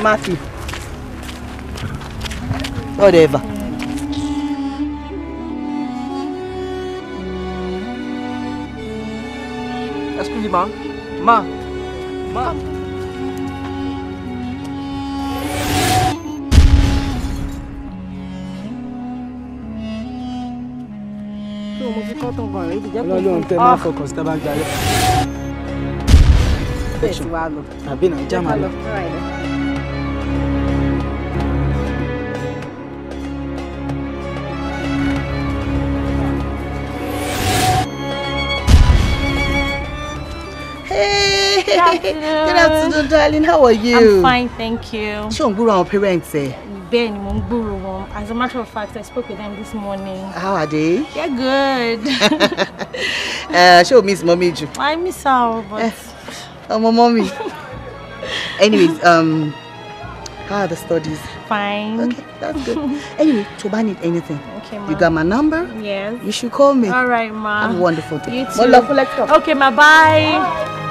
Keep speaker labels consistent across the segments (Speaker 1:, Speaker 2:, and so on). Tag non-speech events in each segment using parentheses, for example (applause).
Speaker 1: Matthew.
Speaker 2: Whatever.
Speaker 3: Excuse me, ma. Ma. Ma. Ọlọ́run tẹ́ máa fọkàn sí tábà gbalẹ̀. Tẹ̀síwá lọ. Tàbí nàìjíríà máa lọ.
Speaker 1: afternoon. Good afternoon,
Speaker 2: darling. How are you? I'm fine,
Speaker 1: thank you.
Speaker 2: Show ò ń gbúrò àwọn parents ẹ?
Speaker 1: Bẹ́ẹ̀ ni mò ń As a matter of fact, I spoke with them this morning.
Speaker 2: How are they?
Speaker 1: They're good. (laughs) Eh, ṣé o miss mommy ju. I miss her, but. Eh, ọmọ mommy. (laughs) Anyways, um, how are the studies? Fine. Okay, that's good. (laughs) anyway, tó need anything. Okay, ma. You got my number? Yes. You should call me. All right, ma. Have a wonderful day. You too. Okay, ma. Bye. bye.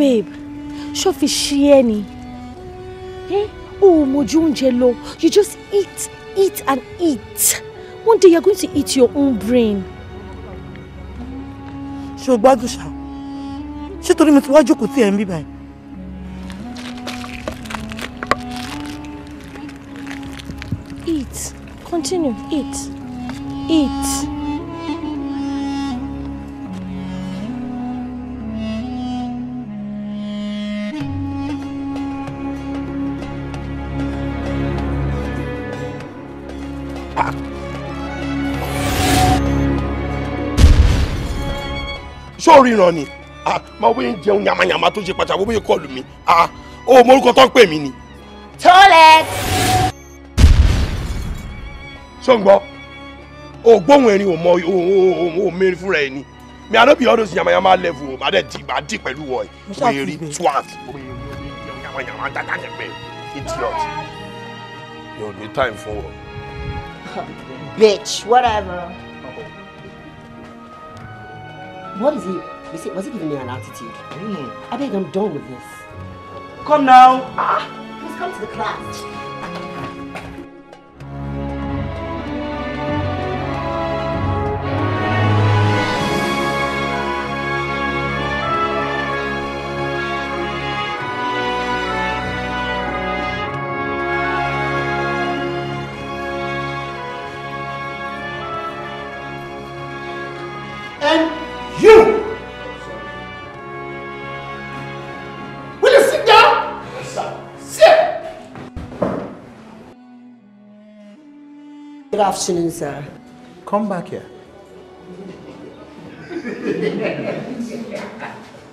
Speaker 1: babe ṣó fi ṣí ẹ ni eh, o mojú oúnjẹ lọ you just eat eat and eat one day you are going to eat your own brain. ṣé o gbádùn ṣá ṣé torí mi ti wá jókòó tí ẹ ń bí báyìí. eat continue eat eat.
Speaker 4: ríran ni ah, máa wọ́n ń jẹun yamayama tó ṣe pàtàkì wọ́n kọlù mi ó ah, morúkọ tó ń pè mí ni.
Speaker 5: toilet.
Speaker 4: ṣó ń gbọ́ o gbóhùn ẹ̀rín o mọ ohun o mẹ́rin fúnra ẹ̀ ni mi àná bí ọdún sí yamayama level o bá dẹ̀ di bá di pẹ̀lú wọ̀ ẹ̀ o èrè twelve o èrè yamayama dáadáa yẹn bẹ́ẹ̀ idiot yóò ní time fún ọ.
Speaker 5: (laughs) bitch whatever.
Speaker 2: What is he? Was it, was he giving me an attitude? Mm. I beg, I'm done with this. Come now. Ah, please come to the class.
Speaker 5: And you! Will you sit down? Yes, sir. Sit! Good afternoon, sir. Come back here.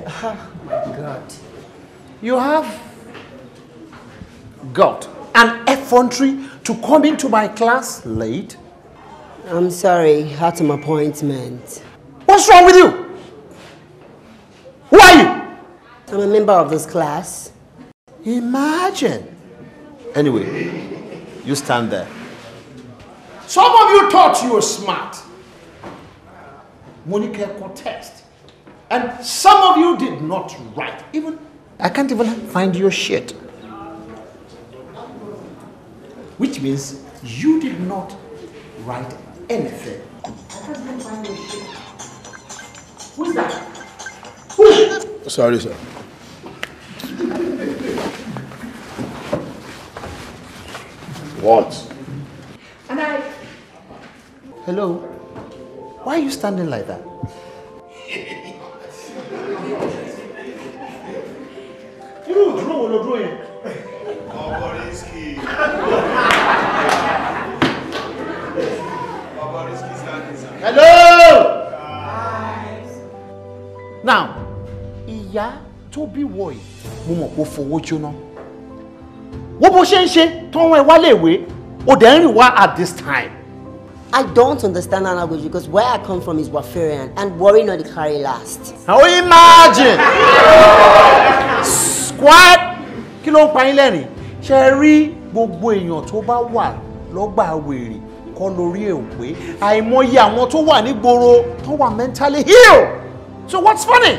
Speaker 5: oh my God. You have got an effrontery to come into my class late? I'm sorry, had some appointment. What's wrong with you? Who are you? I'm a member of this class. Imagine. Anyway, you stand there. Some of you thought you were smart. Monica contest. And some of you did not write. Even I can't even find your shit. Which means you did not write anything. I can't even find your shit. Who's that? Who? Sorry, sir. What? And I... Hello? Why are you standing like that? Irú òdúró wo lo dúró yẹn?
Speaker 4: Ọkọ̀ rísíkì.
Speaker 5: now ìyá tó bí wọ yìí mo mọ̀ kó fowó jóná wo bó ṣe ń ṣe tó ń rán ẹ wálé ìwé ó dẹ̀ ń rìn wá at this time. I don't understand that language because where I come from is Wafarian and worry not dey carry last. Now imagine!
Speaker 6: Squad!
Speaker 5: Kí ló ń pa yín lẹ́rìn? Ṣé rí gbogbo èèyàn tó bá wà lọ́gbà wèrè kọ́ lórí èwe? Àìmọye àwọn tó wà nígboro tó wà mentally ill. So what's funny?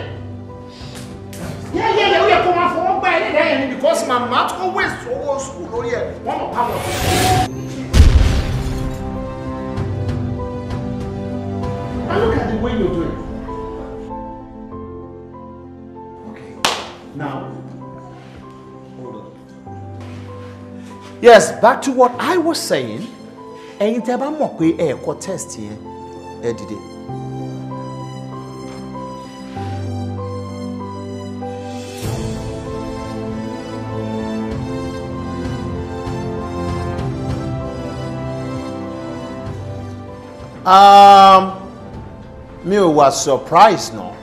Speaker 5: Yeah, yeah, yeah, We are coming for one by any because my mouth always so school, oh yeah, one more power. And look at the way you're doing. Okay, now, hold on. Yes, back to what I was saying. Ẹ̀yin tẹ́ bá mọ̀ pé test here. Eddie. um, me was surprised, no.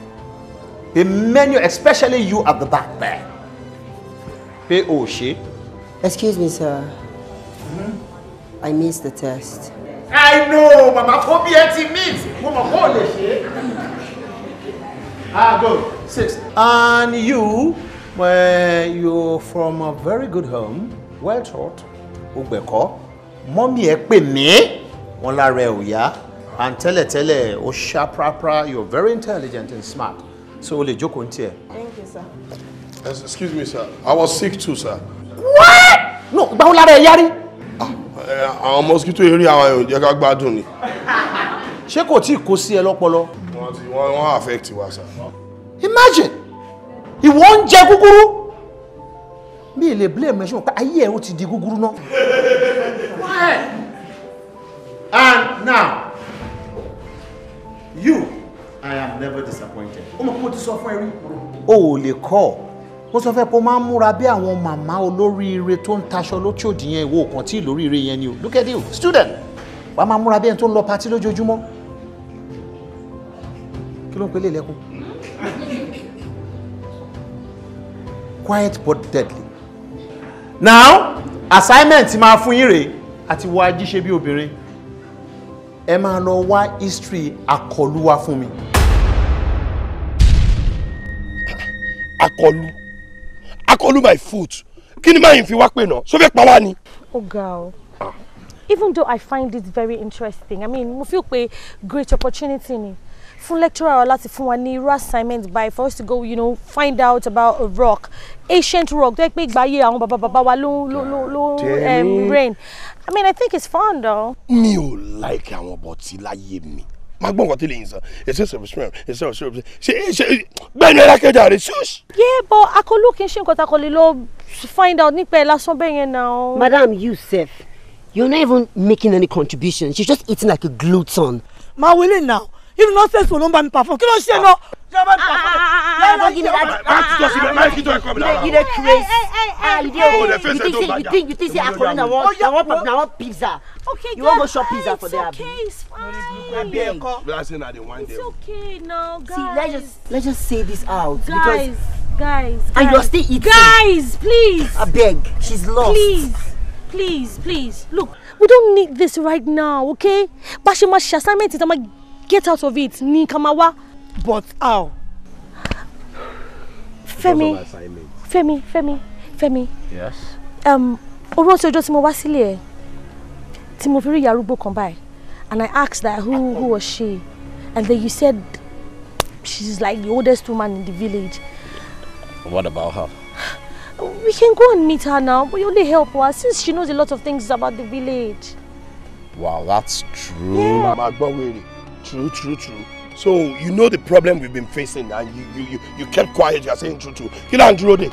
Speaker 5: The menu, especially you at the back there pé o ṣe.
Speaker 2: excuse me sir mm-hmm.
Speaker 5: i missed the test. i know mama tó bí ẹ ti meet mo mọ̀ ah go six and you well, you're from a very good home well taught ogbẹ̀kọ́ mọ́mí ẹ pè mí wọn lára ẹ ò yá and tẹ́lẹ̀tẹ́lẹ̀ o ṣaprapra you are very intelligent and smart so o lè jókòó ní tiẹ̀.
Speaker 6: thank you
Speaker 2: sir.
Speaker 5: excuse me sir I was sick too sir. what
Speaker 4: no gbawo lára ẹ yárí. Ah, eh, àwọn mosquito eré àwọn èèyàn jẹ́ ká gbádùn ni. (laughs) ṣé kò tí ì kó sí ẹ lọ́pọlọ. wọ́n ti wọ́n wọ́n affect wa sir.
Speaker 5: imagine ìwọ ń jẹ gúgúrú mi lè blame me ṣe mọ̀ pé ayé ẹ̀ ó ti di gúgúrú náà. (laughs) and now I am never disappointed. Ó mọ̀ pé mo ti sọ fún ẹ rí. O ò lè kọ́ mo sọ fẹ́ pé o máa ń múra bí àwọn màmá olóríire tó ń taṣọ lókè yẹn ìwọ kan tí ìlóríire yẹn ni o look at you student wà á máa múra bí ẹni tó ń lọ patí lójoojúmọ́ kí ló ń pelé lẹ́kùn. quiet but deadly. now assignment máa fún yín rèé àti wá jíṣe bí obìnrin ẹ máa lọ wá history àkọlù wa fún mi. akọlù
Speaker 4: akọlù my foot kí ni máa fi wá pè náà sọ fẹ́ pa wá ni.
Speaker 1: ó ga o ah. even though I find this very interesting I mean mo feel pé great opportunity ni fún lecturer wa láti fún wa ní irú assignment by for us to go you know find out about a rock ancient rock tó yẹ pé ìgbà ayé àwọn bàbá bàbá wa ló ló ló um, rain I mean I think it's fun though. mi
Speaker 4: ò like àwọn bọ̀tí láyé mi máa gbọ́ nǹkan tí lè yìn sàn èsì ìṣòro ìṣòro ìṣòro ìṣòro ṣe ṣe bẹ́ẹ̀ ni ẹlẹ́kẹ̀já rẹ̀ ṣúṣ.
Speaker 1: yé bọ akọlù kì í ṣe nǹkan takọ lè lọ find out nípa ẹ lásán bẹ́ẹ̀ yẹn náà.
Speaker 4: madam yusuf
Speaker 2: you're not even making any contribution she's just eating like a glutton. màá wọlé now you know nonsense wo ló ń mi perform kí ló ṣe náà.
Speaker 6: You you want
Speaker 2: na
Speaker 1: Okay, shop pizza for there It's okay, it's fine.
Speaker 4: It's
Speaker 1: okay, no, guys. See, let's
Speaker 2: just let's just say this out guys,
Speaker 1: Guys, guys. And you're still eating. Guys, please. I beg. She's lost. Please please, please. Look, we don't need this right now, okay? Bashimashi assignment is I'ma get out of it. Ni kamawa. But how? Femi. Femi, Femi, Femi. Yes. Um, o rántí ọjọ́ tí mo wá sílé ẹ̀ tí mo fi rí and I asked that who who was she and then you said she's like the oldest woman in the village.
Speaker 5: What about her?
Speaker 1: We can go and meet her now, We only help her since she knows a lot of things about the village.
Speaker 4: Wow, that's true. Yeah. Mama, true, true, true so you know the problem we've been facing and you you you, you kept quiet you are saying true true Kill là ń dúró dé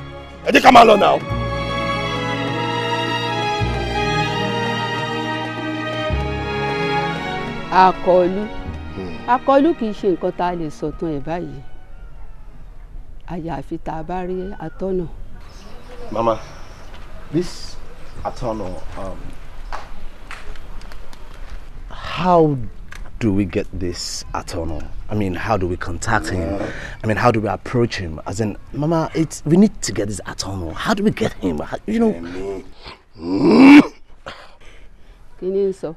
Speaker 4: now.
Speaker 1: Akolu, hmm. àkọlù kì í ṣe nǹkan tá a lè sọ̀tàn ẹ̀ báyìí àyàfi tá a bá rí atọ́nà.
Speaker 4: mama this atọ́nà um,
Speaker 3: how do we get this Atono? I mean, how do we contact him? I mean, how do we approach him? As in, Mama, it's, we need to get this Atono. How do we get him? How, you know.
Speaker 1: Kí um,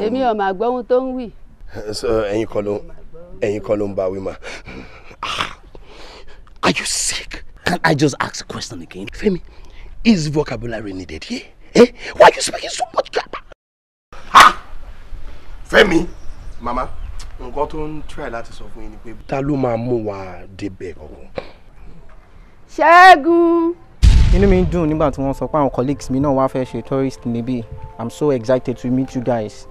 Speaker 1: Èmi ò mà gbọ́ ohun tó ń wí.
Speaker 4: Ẹ̀yin kọ́ ló ẹ̀yin kọ́ ló bá wí mà. Ah, are you sick? Can I just ask a question again? Femi, is vocabulary needed here? Eh? Why are you speaking so much? Ha, ah! Femi. màmá nǹkan tó ń try láti sọ fún yín ni pé.
Speaker 3: ta ló máa mú wa débẹ̀ ọ̀hún. ṣẹ́gun. inú mi ń dùn nígbà tí wọ́n sọ pé àwọn colleagues mi náà wá fẹ́ ṣe tourist níbí i'm so excited to meet you guys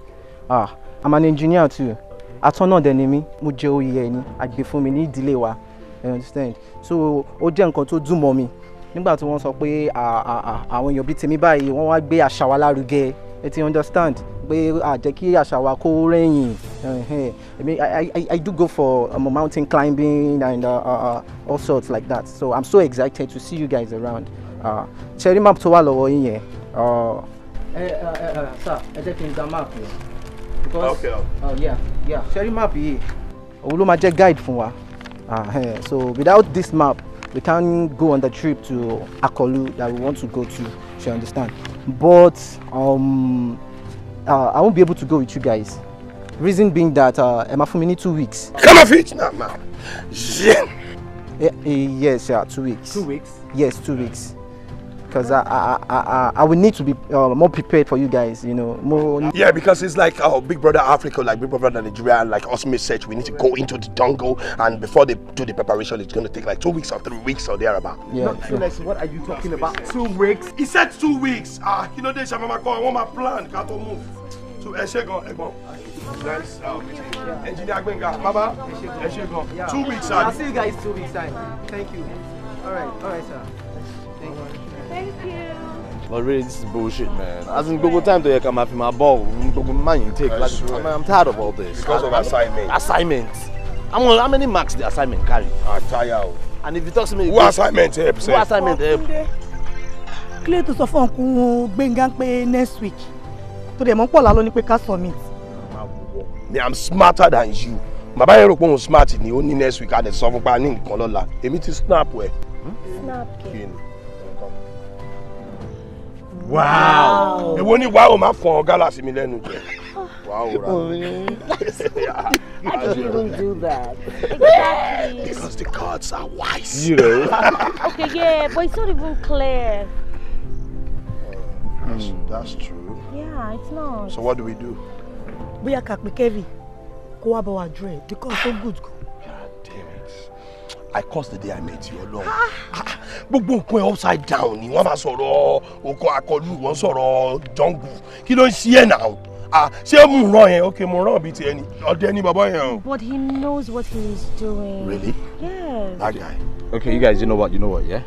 Speaker 3: ah i'm an engineer too atọ́nà dẹ̀ ni mí mo jẹ oyè ẹni àgbè fún mi ní ìdílé wa you understand so ó jẹ́ nǹkan tó dùn mọ́ mi nígbà tí wọ́n sọ pé ah, ah, ah, àwọn èèyàn bíi tèmi báyìí wọ́n wá gbé àṣà wa lárugẹ ẹ ti understand pé a kí àṣà wa kó rẹ̀yìn I do go for um, mountain climbing and uh, uh, uh, all sorts like that so I'm so excited to see you guys around ṣẹ́rí uh, map tó wà lọ́wọ́ yín yẹn. Uh, eh, eh, eh, sir ẹ jẹ́ kí n gba map yẹn because uh, yeah, yeah. ṣẹ́rí map yìí òun ló máa jẹ́ guide fún wa so without this map we can't go on the trip to Akolu that we want to go to. You understand? But um, uh, I won't be able to go with you guys. Reason being that uh, Emma Fumi need two weeks. Come off
Speaker 4: it now, man.
Speaker 3: Yeah. Uh, eh, uh, yes, yeah, two weeks. Two weeks? Yes, two weeks. because I, I, I, I, will need to be uh, more prepared for you guys, you know. More... Yeah, because
Speaker 4: it's like oh, Big Brother Africa, like Big Brother Nigeria, like us said, we need to go into the jungle and before they do the preparation, it's going to take like two weeks or three weeks or thereabout. Yeah. Not sure. what are you talking about? Two weeks? He said two weeks. Ah, you know this, I'm going to go, I want my plan, can't move. To Eshegon, eh, Egon. Eh, nice. Uh, engineer Agbenga, Baba, Eshegon. Eh, two weeks, sir. I'll see you guys
Speaker 3: two weeks time. Thank you. All right, all right, sir. Thank you. Thank you.
Speaker 4: But really, this is bullshit, man. As in, Google time to hear come after my ball. Mm, Google money take. Like, I mean, I'm tired of all this. Because I, of assignment. Assignment. I'm on, how many marks the assignment carry? I tire. And if you talk to me, who assignment help? Who assignment help?
Speaker 2: Clear to sọ fún ọkùn Gbẹ̀ngàn pé next week. To the monk alone ní pé ká submit.
Speaker 4: Me, I'm smarter than you. My yẹn rò pé smart ni ó ní next week a dẹ̀ sọ fún pa ní nǹkan lọ́la. Èmi ti snap ẹ̀.
Speaker 6: Snap kí wow èwo
Speaker 4: ni wàá o máa fọn gálà sí mi lẹ́nu jẹ (laughs) wàá o ra (laughs) I don't even
Speaker 6: do that
Speaker 1: exactly because the gods are wise. You (laughs) know? okay yeah but it's not even clear.
Speaker 4: Uh, that's, mm. that's true.
Speaker 1: Yeah, it's not. So what do we do? We kàpé kevin kó wá bá wa jù ẹ because so good.
Speaker 4: I cursed the day I met you alone. Ah, gbogbo nǹkan ẹ upside down ni wọ́n máa sọ̀rọ̀ okò akọlù wọ́n sọ̀rọ̀ jungle kí ló ń ṣí ẹ náà ah, ṣé mo ràn yẹn ok mo ràn bíi tiẹ̀ ni ọdẹ ni bàbá yẹn o.
Speaker 1: but he knows what he is doing. really yes. that guy.
Speaker 3: okay you guys you know what you know what yeah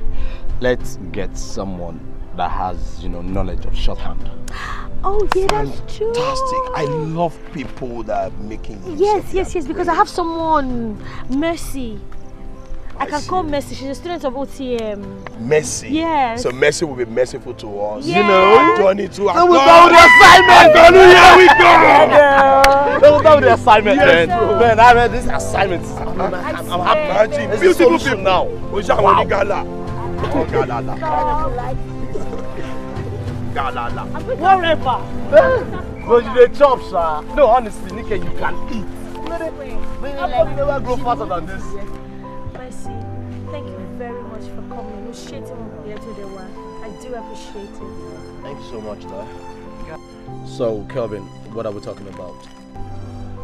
Speaker 3: let's get someone that has you know knowledge of shorthand.
Speaker 1: (gasps) Oh yeah, that's true. Fantastic.
Speaker 4: I love people that are making. Yes, yes,
Speaker 1: yes. Because I have someone, Mercy. I, can call Mercy. She's a student of OTM.
Speaker 4: Mercy. Yes. So Mercy will be merciful to us. Yes. You know, Johnny too. So we'll go with the assignment. Hallelujah, we go. (laughs) Yeah. So we'll go with the assignment. man. man, I read this assignment. I'm, I'm, I'm, I'm happy. Magic. Beautiful people now. Oja wow. Gala. Oh, gala. Gala.
Speaker 1: Whatever.
Speaker 5: Because eh? you dey chop, sir. No, honestly, Nike, you can eat.
Speaker 1: Nobody never grow faster than this. Mercy, thank you very much for coming. Initiating here today, I do appreciate it.
Speaker 3: Thank you so much, Dad. So, Kelvin, what are we talking about?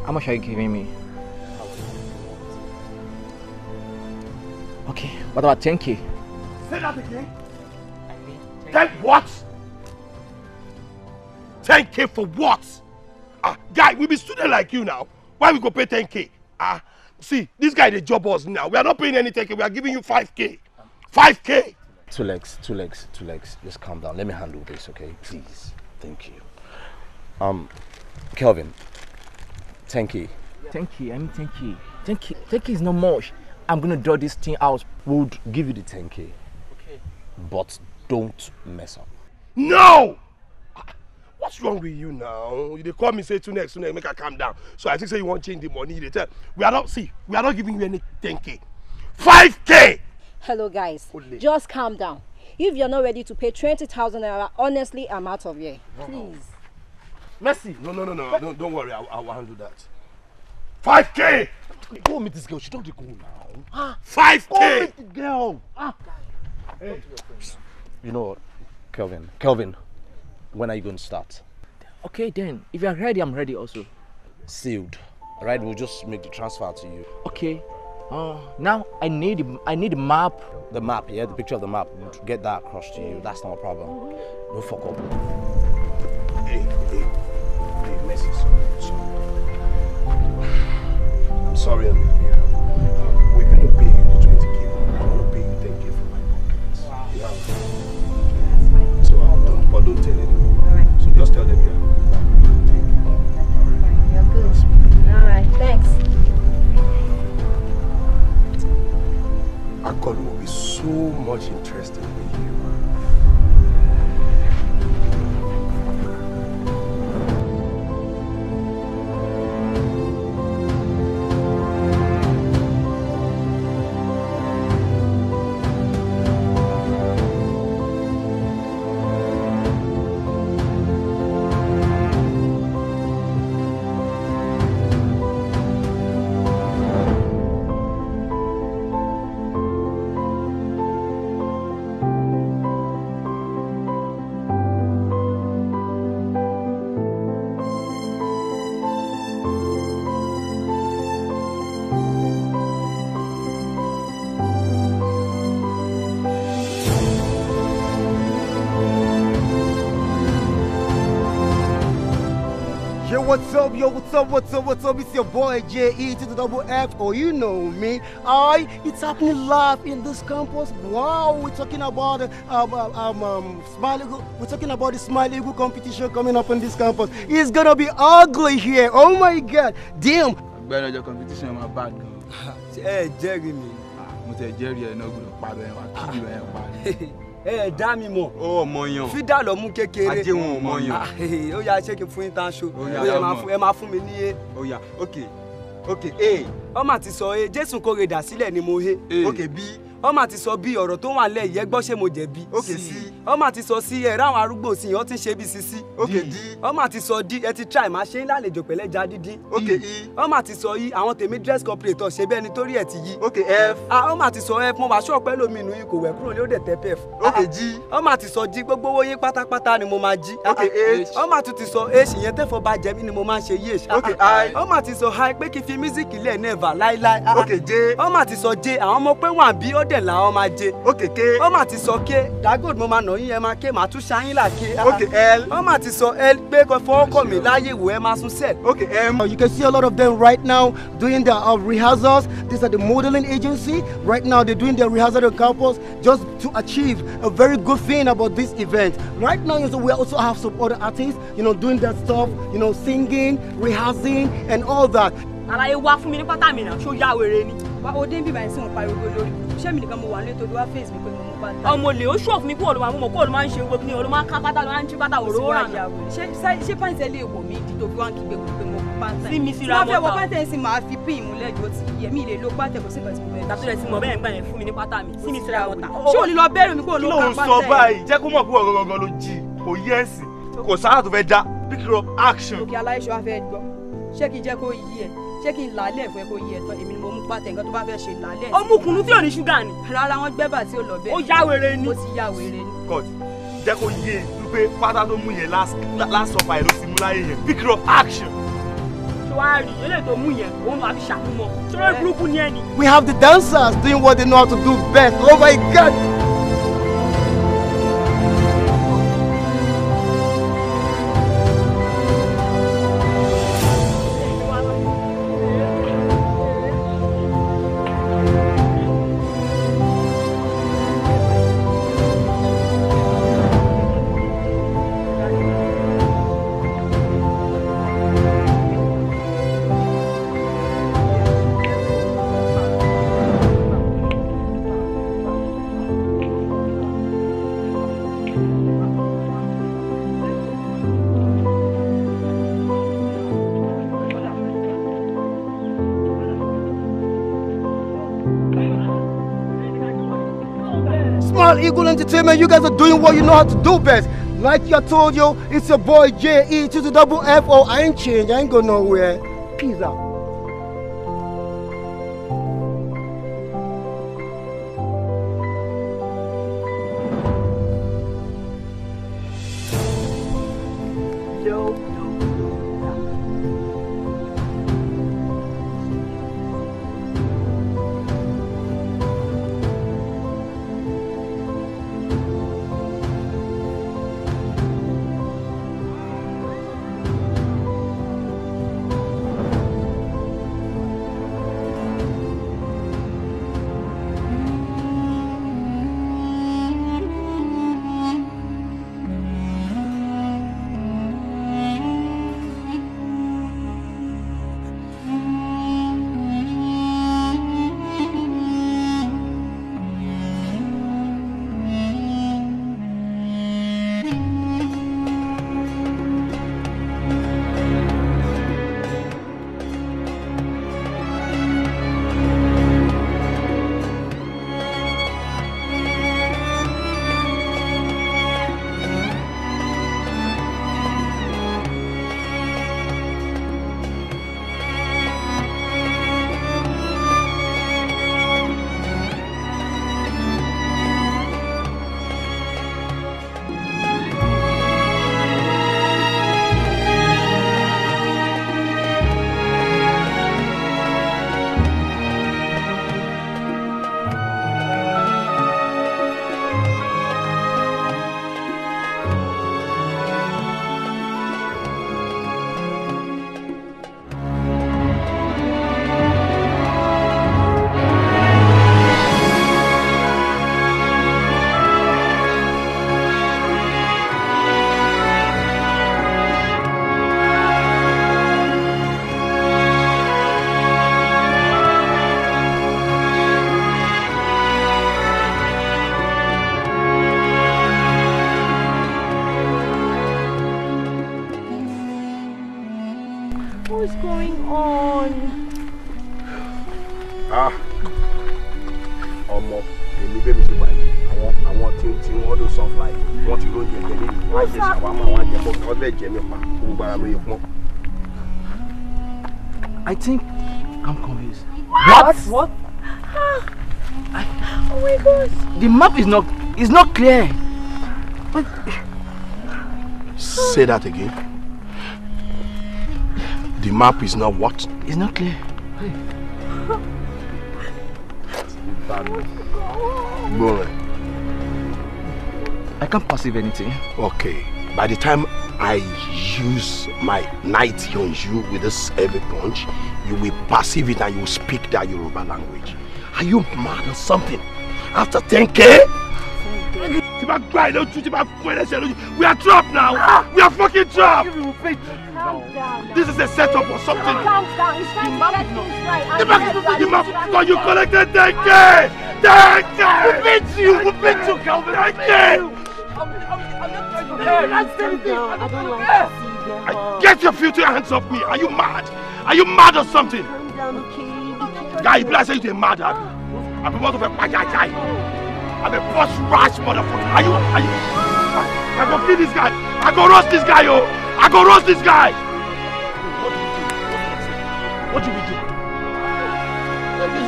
Speaker 3: How much are you giving me? Okay, what about 10k?
Speaker 4: Say that again. I mean, 10K. what? 10k for what? Ah, guy, we be student like you now. Why we go pay 10k? Ah, See, this guy, the job us now. We are not paying anything. We are giving you 5K. 5K.
Speaker 5: Two legs, two legs, two legs. Just calm down. Let me handle this, okay? Please. Thank you.
Speaker 3: Um, Kelvin, 10K. 10K, I mean 10K. 10K, 10K is not much. I'm going to draw this thing out. We'll give you the 10K. Okay.
Speaker 5: But don't mess up. No! what's wrong
Speaker 4: with you now They call me say two next two next make i calm down so i think say you wan change the money They tell we are not
Speaker 3: see we are not giving you any 10k 5k. hello guys just calm down if you're not ready to pay 20,000 naira honestly i'm out of here wow. please.
Speaker 4: mercy no no no no don't, don't worry i, I will handle that.
Speaker 3: 5k.
Speaker 4: go meet this girl she don't go now. 5k. go meet the girl. Ah.
Speaker 3: Hey. You know what Kelvin Kelvin when are you going to start? Okay, then. If you are ready, I'm ready also. Sealed. All right, we'll just make the transfer to you. Okay. Uh, now I need I need a map. The map, yeah, the picture of the map. We'll get that across to you. That's not a problem. No fuck up.
Speaker 6: Hey, hey,
Speaker 4: hey, Messi, sorry. sorry. I'm sorry, Olivia. Um, we're gonna pay you the 20k. I'm gonna pay you 10k for my pockets. Wow. Yeah. So I'm um, done. but don't tell just tell them you
Speaker 6: are. You're good. All right, thanks.
Speaker 4: Akolu will be so much interested in you.
Speaker 2: What's up? It's your boy JE to the double F. Oh, you know me. I it's happening live in this campus. Wow, we're talking about uh, um, um, um, um, Smile Eagle. We're talking about the Smile Eagle competition coming up in this campus. It's gonna be ugly here. Oh my God, damn.
Speaker 3: Better your competition, my
Speaker 4: bad girl. Hey, Jerry, Ah, mo tẹ jẹ́rìí ẹ náà gbọ́dọ̀ pa bẹ́ẹ̀ wá kí ni bẹ́ẹ̀ pa
Speaker 2: ni. (laughs) ẹ dá mi mọ̀. ó mọyàn fídà lọ mú kékeré. ajé wọn ò mọyàn. Ah, eh, eh, ó yá ṣé kí n fún yín tán ṣo. ó yá ẹ máa fún mi ní e. ó yá ok ok e. ọmọ àti sọ e jésù kórè dà sílẹ̀ ni mo he. ok b. ọmọ àti sọ bí ọ̀rọ̀ tó wà lẹ́yìn ẹ gbọ́ ṣé mo jẹ̀bi. ok c ọmọ àti sọ sí ẹ ráwọn arúgbó sí ọ ti ń ṣe bí sisi. ok di ọmọ àti sọ di ẹ ti try máa ṣe ń lálejò pẹ̀lẹ́ ja dídín. ok i ọmọ àti sọ yìí àwọn tèmi dress cooperator ṣe bẹ́ẹ̀ nítorí ẹ ti yí. ok f ah ọmọ àti sọ f mo wà ṣọ́ọ̀pẹ́ lómi inú yìí kò wẹ̀ kúrò ní ó dẹ̀ tẹ́ pef. Ah, ok ah. g ọmọ àti sọ jí gbogbo owó yín pátápátá ni mo máa jí. Ah, ok h ọmọ àti ti sọ h ìyẹn tẹ́fọ́ bá jẹ mí ni mo máa ń ṣe yéèṣ. ok i ọmọ j ọmọ àti sọ j àwọn máa j. ok k sọ ọ̀nà yín ẹ máa ké màá tún ṣáyín là ké. ok l. wọ́n máa ti sọ l pé kò fọ́ọ̀kọ̀ mi láyé wò ẹ máa sún sẹ̀. ok m. you can see a lot of them right now doing their uh, rehearsals these are the modeling agency right now they doing their rehearsal on campus just to achieve a very good thing about this event right now you know, we also have some other artists you know doing their stuff you know singing rehearsing and all that.
Speaker 1: àlàyé wá fún mi ní pátá mi náà ṣó yá wèrè ni. wàá o dé bí báyìí sí wọn pariwo lórí iṣẹ́ mi nìkan mo wà nílé tó lọ́wọ́ facebook pé mo ọmọ olè ó
Speaker 2: ṣọ̀fù mi kó olùmọ̀ àmúmọ̀ kó olùmọ̀ à ń ṣe gbogbo ní olùmọ̀ ká pátá lọ́wọ́ à ń jí
Speaker 1: pátá òróró rà náà. ṣé pàǹtẹ̀ lè wò mí dídò bí wọ́n kí gbé gbogbo mọ́ pàǹtẹ̀. sí mi síra mọ́ta. tí wọ́n fẹ́ wọ pàǹtẹ̀ sí máa fi pín ìmúlẹ̀ jọ ti yẹ mí lè lo pàǹtẹ̀ kò sí nǹkan tí mo fẹ́. ti mọ̀ bẹ́ẹ̀ ń gbà yẹn fún mi ní pátá mi sí mi síra mọ́ta. ṣé o lè bẹ́ẹ̀rù mi kó olùkọ́ pàǹtẹ̀. kí ló ń ṣé kí n làálẹ̀ fún kó yí ẹ̀tọ́ èmi ni mo mú pàtẹ nǹkan tó bá fẹ́ ṣe làálẹ̀. ó mú kunu tí ò ní ṣúgà ni. rárá wọn gbẹ́bà tí ó lọ bẹ́ẹ̀. ó yá ni. ó ti yá ni.
Speaker 2: god jẹ́ kó yé e wípé pátá tó mú yẹn last supper ẹ̀ ló ti mú láyé yẹn pick up action. ṣé wàá tó mú yẹn òun máa fi ṣàkúmọ̀ ṣé burúkú ni ẹni. we have the dancers doing what they know how to do best oh my god.
Speaker 6: Eagle Entertainment,
Speaker 2: you guys are doing what you know how to do best. Like I told you, it's your boy J E to the double F O. I ain't change. I ain't go nowhere. Peace out.
Speaker 3: is not is not clear. But...
Speaker 4: Say that again. The map is not what?
Speaker 3: It's not clear. Hey.
Speaker 4: I can't perceive anything. Okay. By the time I use my night on you with this heavy punch, you will perceive it and you will speak that Yoruba language. Are you mad or something? after 10 k. tí bá gbá ilé ojú tí bá fún ẹlẹ́sẹ̀ lójú we are trapped now ah! we are fucking trapped.
Speaker 6: This is a setup or something. Calm down. He's trying to get things right. The the you
Speaker 4: collected 10k! 10k! Who beat you! Who beat you, Calvin! 10k! I get your future hands off me. Are you mad? Are you mad or something? Guy,
Speaker 6: down, okay?
Speaker 4: you I say mad at àbí wọ́n tó fẹ́ pàjá ajá yìí i'm a boss rush motherfucker are you are you i, I go kill this guy i go roast this guy yo. i go roast this guy. what do we do? what do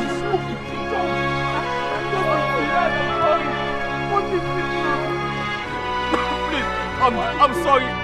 Speaker 4: we do? (laughs) I'm, I'm sorry.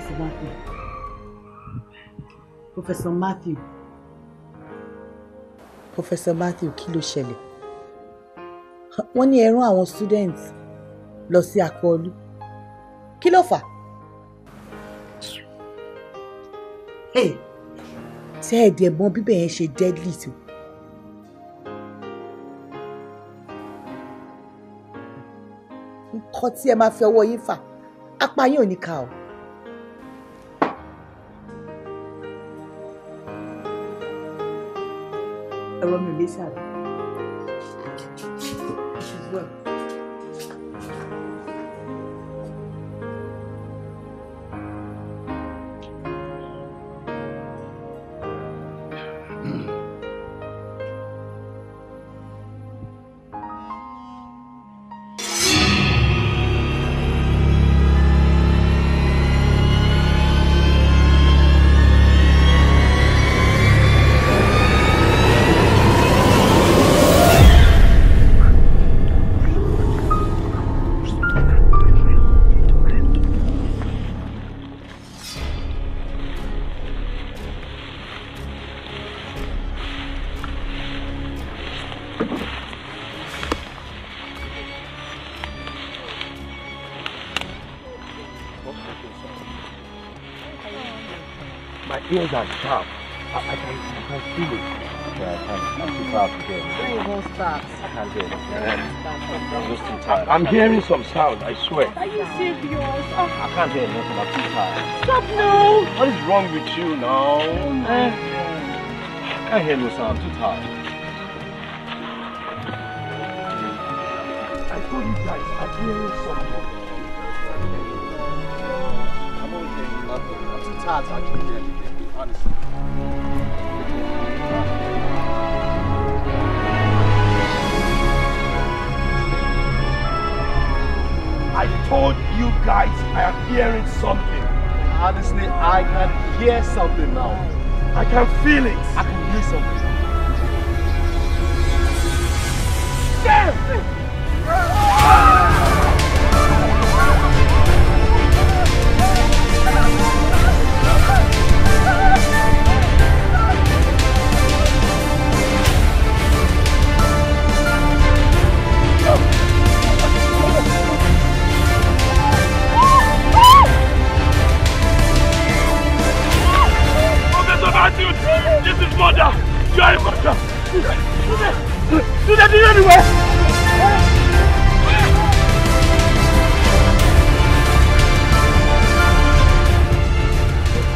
Speaker 1: Professor Matthew. Professor Matthew. Professor Matthew kí ló ṣẹlẹ̀? Wọ́n ní ẹ àwọn students lọ sí Akọọlù. Kí ló fà? Ṣé ẹ̀dẹ̀ mọ bíbẹ̀ yẹn
Speaker 2: ṣe deadly tó?
Speaker 1: Nǹkan tí ẹ máa fi ọwọ́ yín fà, apá yín ò ní ka o.
Speaker 6: Ela me
Speaker 4: ears are sharp. I, I, can, I can feel it. Yeah, I can't. I'm too proud to do it. Bring those I can't hear it. Yeah. I'm just too tired. I'm hearing some sound, I swear.
Speaker 3: Are you serious? Oh. I
Speaker 4: can't hear nothing. I'm too tired. Stop now! What is wrong with you now? Oh eh?
Speaker 1: I
Speaker 2: can't
Speaker 4: hear no sound. I'm too tired. I told you guys, I'm hearing something. I'm always hearing nothing. I'm too tired to actually hear anything. I told you guys I am hearing something. Honestly, I can hear something now. I can feel it. I can hear something. Damn! This is murder! You are a murderer! Do that in any way!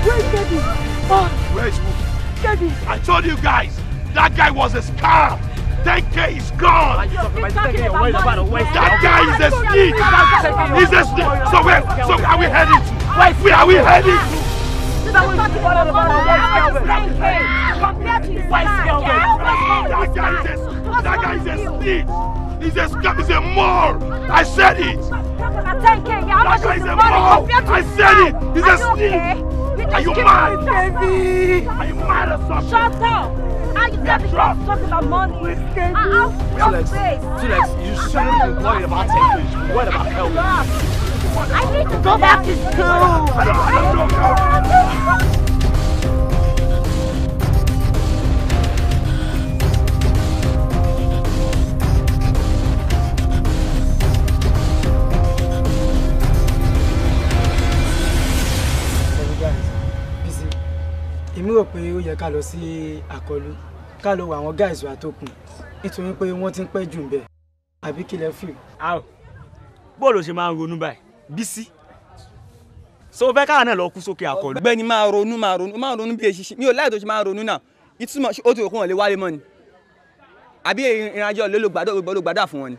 Speaker 4: Where's Daddy? Oh. Where's who? Daddy! I told you guys, that guy was a scam! 10k is gone! You're You're about about that guy is a sneak! He's a sneak! So where, so where are we heading to? Where are
Speaker 6: we heading to? that was one of the West Kelvin. Compared to
Speaker 4: West Kelvin. That guy is a, snitch. He's a scum, he's a mole. I said it.
Speaker 6: That guy is a mole. I said
Speaker 4: it. He's a
Speaker 6: snitch. Are you mad? Baby. Are you mad or something? Shut up.
Speaker 2: How you got to talk about money? Tulex, uh, Tulex, you shouldn't be
Speaker 6: worried about taking. Worried about helping. I need to go back to school.
Speaker 2: èmi rò pé ó yẹ ká lọ sí àkọlù ká lọ wo àwọn guys wa tó kù nítorí pé wọ́n ti ń pẹ́ jù ń bẹ̀ àbí kí lẹ fìlú. bó ló ṣe máa ń ronú báyìí Bísí so fẹ́ káà náà lọ kú sókè akọni. ọ̀gbẹ́ni máa ronú máa ronú máa ronú bí eṣinṣin mi ò láì tó ṣe máa ronú náà ìtumọ̀ ó ti òkú wọn lè wálé mọ́ ni àbí ìrìnàjò olóògbàdà fún wọn ni.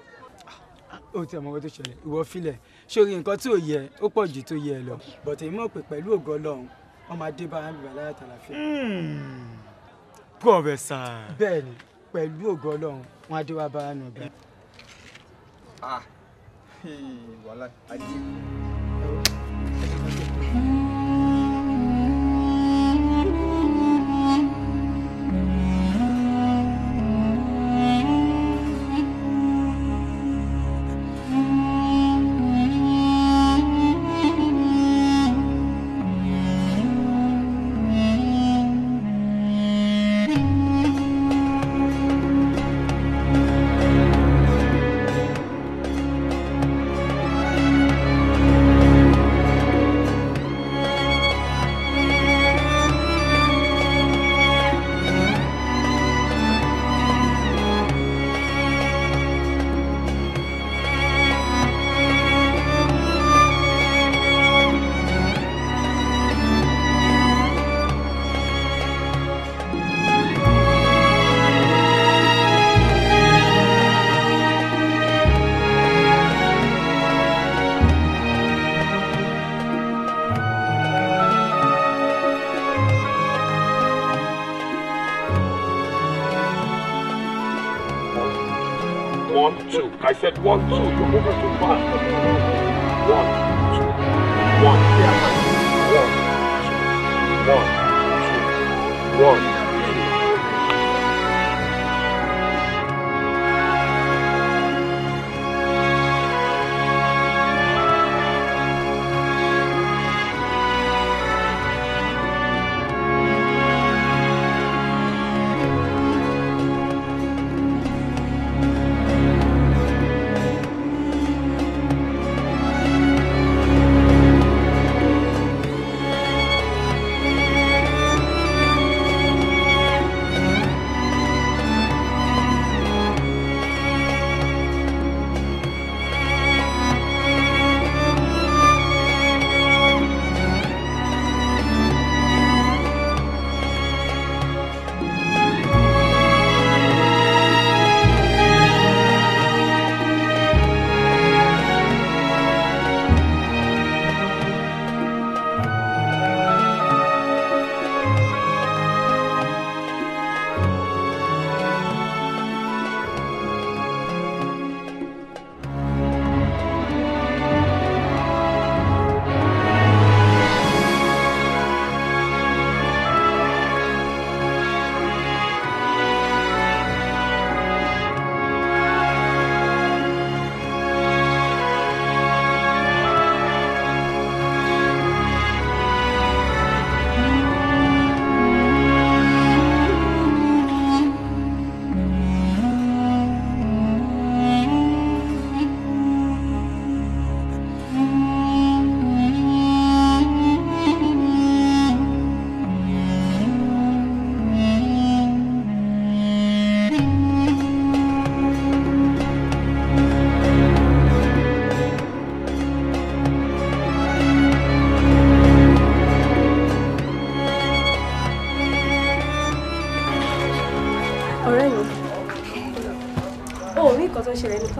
Speaker 2: Ah, ó ti ọmọ owó tó ṣẹlẹ̀ ìwọ filẹ̀ sórí nǹkan tí ò yẹ ó pọ̀ jù tó yẹ lọ bọ̀tẹ̀ mọ̀ pé pẹ̀lú ògo Ọlọ́run wọn máa dé báyà bíbá láyà tàlàfíà. Hmm.
Speaker 6: 完了，哎。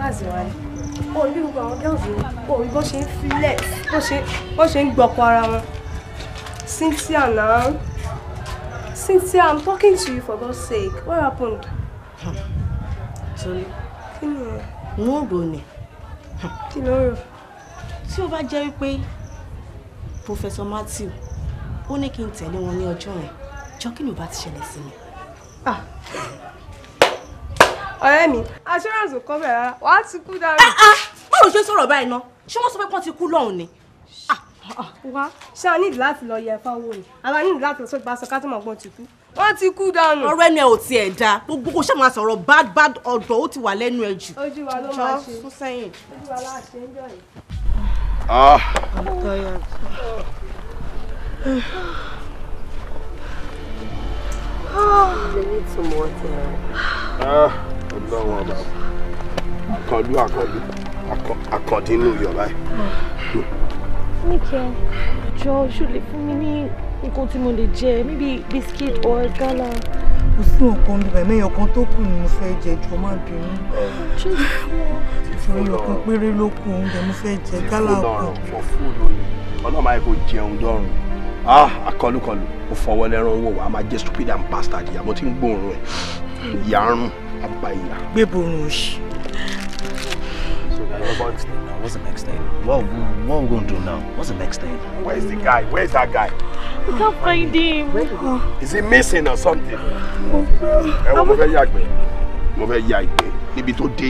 Speaker 1: káàsì wa ni o rí gbogbo àwọn girls yìí o rí bó ṣe ń flex bó ṣe bó ṣe ń gbọ̀kọ̀ ara wọn Cynthia náà Cynthia I'm talking to you for God's sake what happened. (laughs) sori kí ni o. n ó rò ní. kí tí o bá jẹ́ wípé Professor Matthew ó ní kí n tẹ̀lé wọn ní ọjọ́ yẹn jọ́ kí ni o bá ti ṣẹlẹ̀ sí mi ọ̀rẹ́ mi assurance kọ́ bẹ̀rẹ̀ rárá wàá ti kú dára. Ah, ah, báwo ṣe sọ̀rọ̀ báyìí ná ṣé wọ́n sọ pé kán ti kú lọ́hùn ni. wá ṣé a nílò láti lọ yẹ ẹ̀fọ́ owó ni àwa nílò láti lọ sọ́gbà sọ kátó mọ̀gbọ́n ti kú wọ́n ti kú dànù. ọ̀rọ̀ ẹni ẹ ò tiẹ̀ da gbogbo kò ṣàmà sọ̀rọ̀ bad bad ọ̀dọ̀ ó ti wà lẹ́nu ẹ jù. ojú wa ló máa ṣe fún sẹ́yìn. ojú wa láà ṣe ń jọ yìí. ah. ah.
Speaker 4: ah. ah ọlọ́wọ́n bá àkọlù àkọlù àkọ́dé inú yọ̀rá ẹ̀.
Speaker 1: níkẹ́ jọ ṣó lè fún mi ní nǹkan tí mo lè jẹ maybe biscuit or gala. kò sí ọkàn
Speaker 6: bíbẹ̀ mẹ́yọ̀ kan tó kù ni mo fẹ́ jẹ jù ọ má bínú.
Speaker 1: ṣé ìfọwọ́ ọkàn
Speaker 4: péré ló kù oúnjẹ mo fẹ́ jẹ gala ọkàn. ọlọ́mọ ayé kò jẹun dọ́rùn ah akọlùkọlù mo fọwọ́ lẹ́rán owó wa a máa jẹ́ stupid and bastard ìyàwó tí ń gbóòórùn ẹ̀ ìyá ń rún abaya. gbẹ̀bùrún So guys, what's the now? What's the next thing? What, what are we going to do now? What's the next thing? Where is the guy? Where's that guy?
Speaker 1: We can't find him.
Speaker 4: is he missing or something? Oh, Ẹ wo mo fẹ́ yá ìgbẹ́, mo fẹ́ yá ìgbẹ́, níbi tó dé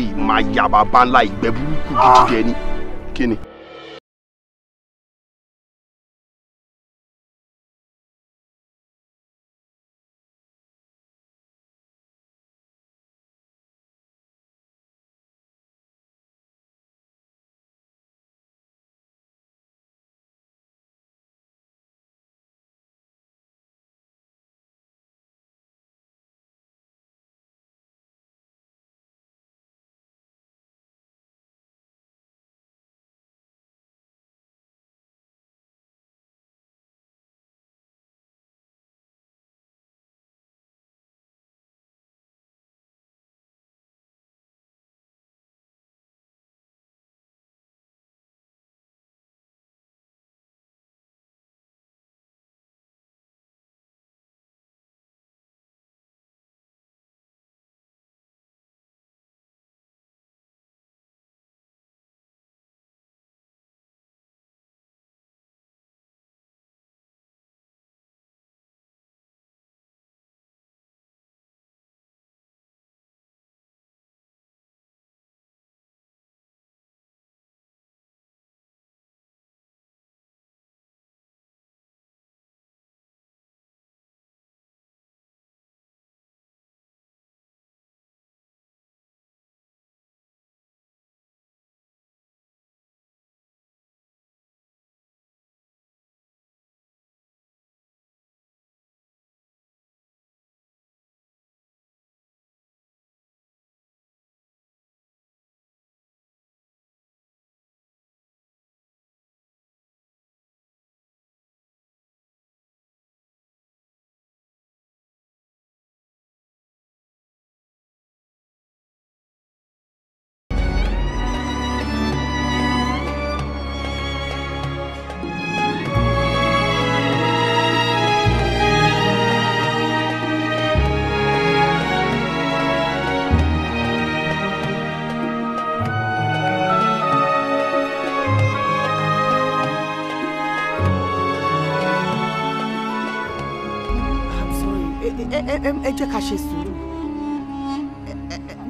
Speaker 1: ẹ jẹ́ ká ṣe sùúrù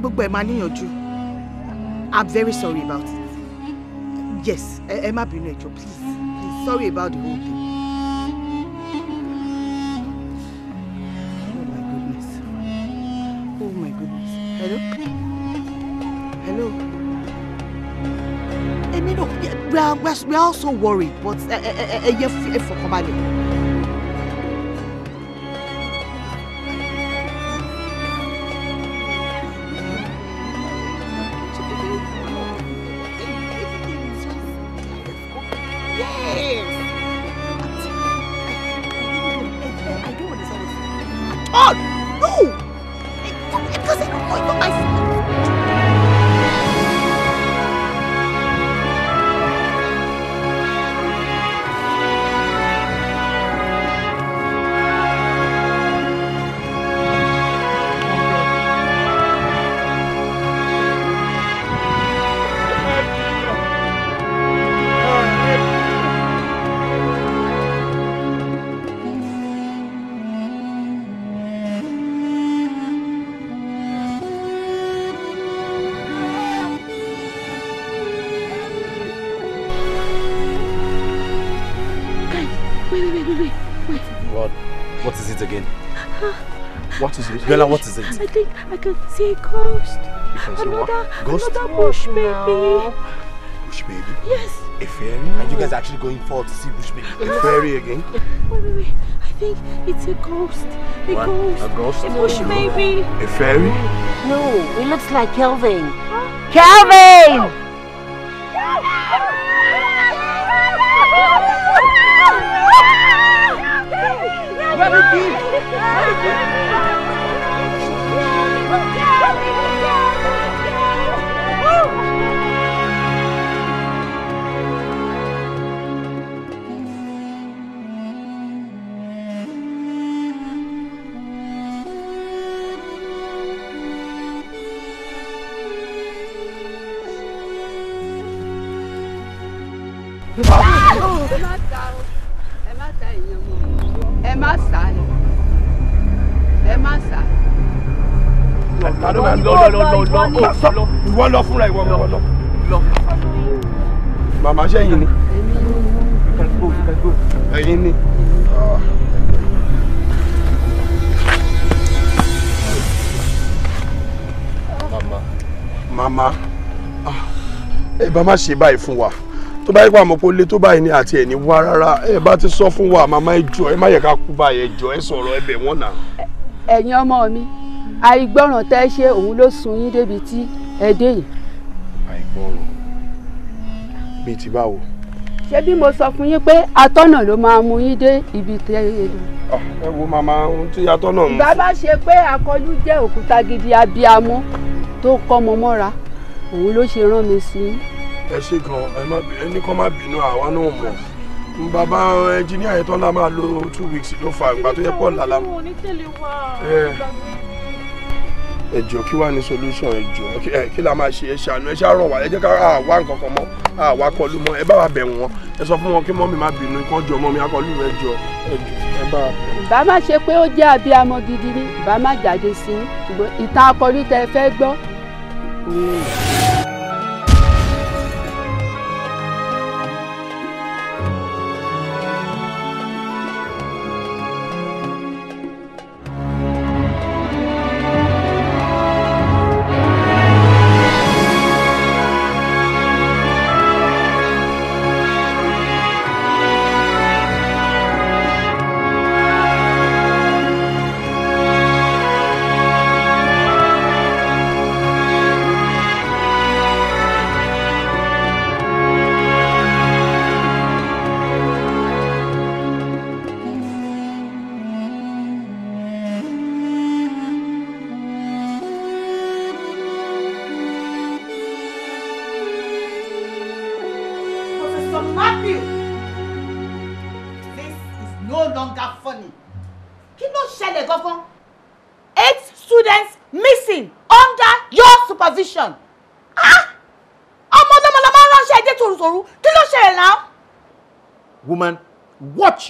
Speaker 2: gbogbo ẹ̀ máa níyànjú i'm very sorry about it yes ẹ má bínú ẹ please
Speaker 1: please sorry about
Speaker 2: the whole thing.
Speaker 6: Oh oh Hello? Hello? And you know, we
Speaker 2: are, we are also worried, but uh, uh, uh, uh, uh, uh, uh, uh,
Speaker 4: Bella, what is it? I
Speaker 1: think I can see a ghost.
Speaker 4: another, Ghost? Another
Speaker 1: bush baby. Bush baby? Yes. A fairy? No. And you guys are
Speaker 4: actually going forward to see bush baby? A fairy again?
Speaker 1: Wait, wait, wait. I think it's a ghost. A what? ghost. A ghost? A bush baby. A fairy? No, it looks like Kelvin. Huh? Kelvin! Oh.
Speaker 4: bá má ṣe báyìí fún wa tó bá yẹ pé àmọ́ pé ó lé tó ni àti ẹ̀ ní wá rárá ẹ bá ti sọ fún wa màmá ẹ jọ̀ọ́ ẹ má yẹ ká kú báyìí ẹ jọ̀ọ́ ẹ sọ̀rọ̀ ẹ bẹ̀ wọ́n nà.
Speaker 1: ẹ̀yin mi àìgbọràn tẹ́ ẹ ṣe òun ló sun yín débi tí ẹ dé yìí.
Speaker 4: àìgbọràn bíi ti báwo.
Speaker 1: ṣé bí mo sọ fún yín pé atọ́nà ló máa mú yín dé ibi tẹ́ ẹ lọ.
Speaker 4: Ah, wo mama ohun tí atọ́nà mú. bàbá
Speaker 1: ṣe pé akọlù jẹ́ òkúta gidi abiyamọ tó kọ́ mọ mọ́ra òun ló ṣe rán mi sí i
Speaker 4: ẹ ṣe gan ẹni kan má bínú àwa náà mọ̀ bàbá ẹnjìníà yẹn tán la máa lo two weeks ló fa ìgbà tó yẹ pọ̀ lálá. ẹ jọ̀ọ́ kí wàá ní solution ẹ jọ̀ọ́ kí la máa ṣe ẹ ṣàánú ẹ ṣàárọ̀ wá ẹ jẹ́ ká àwa nǹkan kan mọ́ àwa kọlu mọ́ ẹ bá wa bẹ̀ wọ́n ẹ sọ fún wọn kí mọ́mí má bínú kán jọ mọ́mí akọlù ẹ jọ̀ọ́
Speaker 3: ẹ jọ̀ọ́ ẹ bá wa bẹ̀.
Speaker 1: ìbá má ṣe pé ó jẹ́ abiyamọ gidi ni ìbá má jáde sí i ṣùgbọ́n ìtàn akọrí tẹ fẹ́ gbọ́.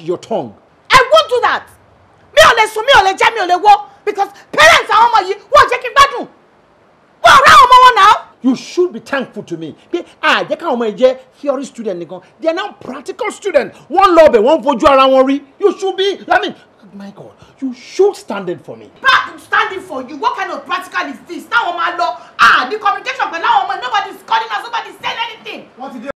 Speaker 5: your tongue. I won't do that. Mi ò lè sùn, mi ò lè jẹ, mi ò lè wọ because parents àwọn ọmọ yìí wọ́n jẹ́ kí n gbádùn. Wọ́n ọ̀rẹ́ àwọn ọmọ wọn náà. You should be thankful to me. Pé àjẹ́ káwọn ọmọ yìí theory student nìkan. They are now practical student. Wọ́n lọ ọbẹ̀, wọ́n fojú ara wọn rí. You should be, I mean, my God, you should stand in for me. Pat, I'm standing for you. What kind of practical is this? Táwọn ọmọ lọ, ah, the communication pẹ̀lú àwọn ọmọ, nobody is calling us, nobody is saying anything.
Speaker 6: Wọ́n ti dé.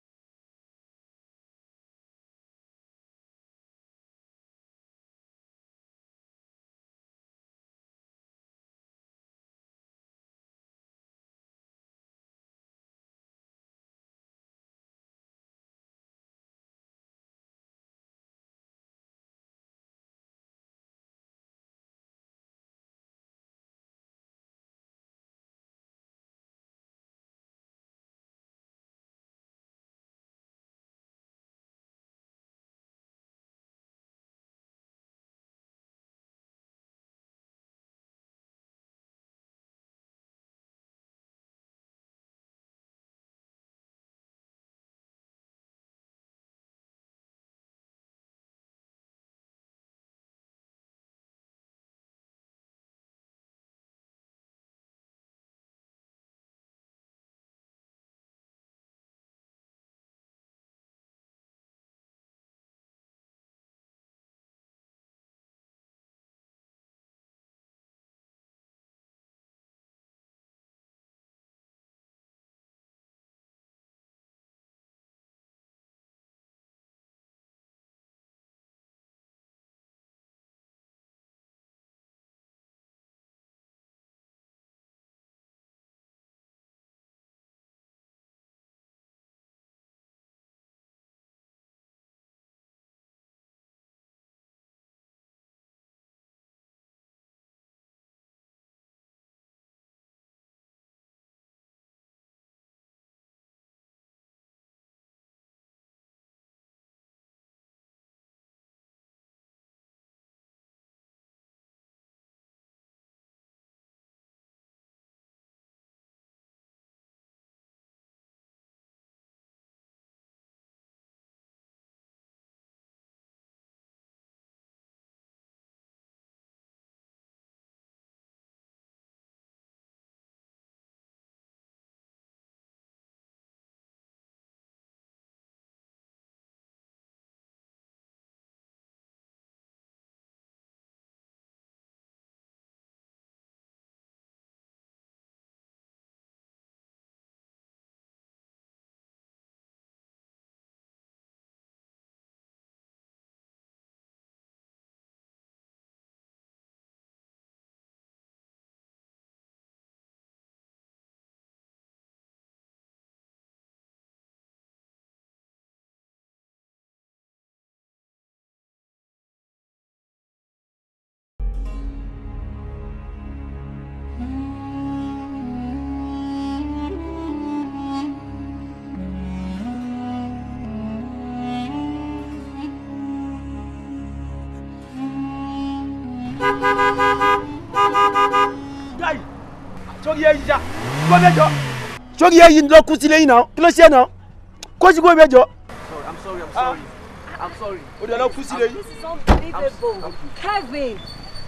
Speaker 2: yẹ ìjà kó bẹ jọ. sókè ah. yẹn lọ kú sílé yìí náà kí ló ṣe náà I'm sorry, I'm sorry, I'm sorry. o de lọ kú This is
Speaker 1: unbelievable. Kevin.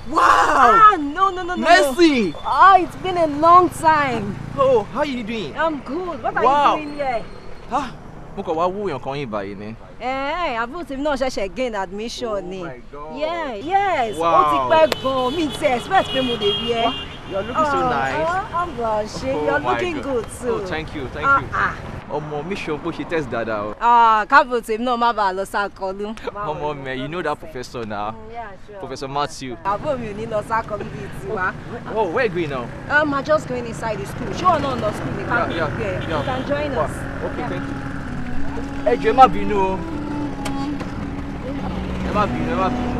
Speaker 1: Wow! Ah, no, no, no, no. Mercy! Oh, it's
Speaker 3: been a long time. Oh, how are you doing? I'm good. What are wow. you doing here? Ah, mo kàn wá wú èèyàn kan yín báyìí ni. Eh, àbúrò tèmi náà ṣẹ̀ṣẹ̀ gain admission ni. Oh my God. Yeah, yes, ó ti pẹ́ gan Mi ti expect pé mo lè rí You're looking ah, ah, ah, oh, so nice. Oh, I'm blushing. Oh, You're looking God. good too. Oh, thank you, thank ah, you. Ah. ọmọ mi sọ bó ṣe test dáadáa o. káàbọ̀ tèmi náà má bàa lọ sákọlú. ọmọ mi you know that professor na oh, professor matthew. àbúrò mi ò ní lọ sákọlú bíi tiwa. oh where you going now. Um, i'm just going inside the school ṣé ọ̀nà ọ̀nà school ni káàbọ̀ yeah, yeah, yeah. you can join us. okay yeah. thank you. ẹ jọ̀ọ́ ẹ má bínú o ẹ má bínú ẹ má
Speaker 5: bínú.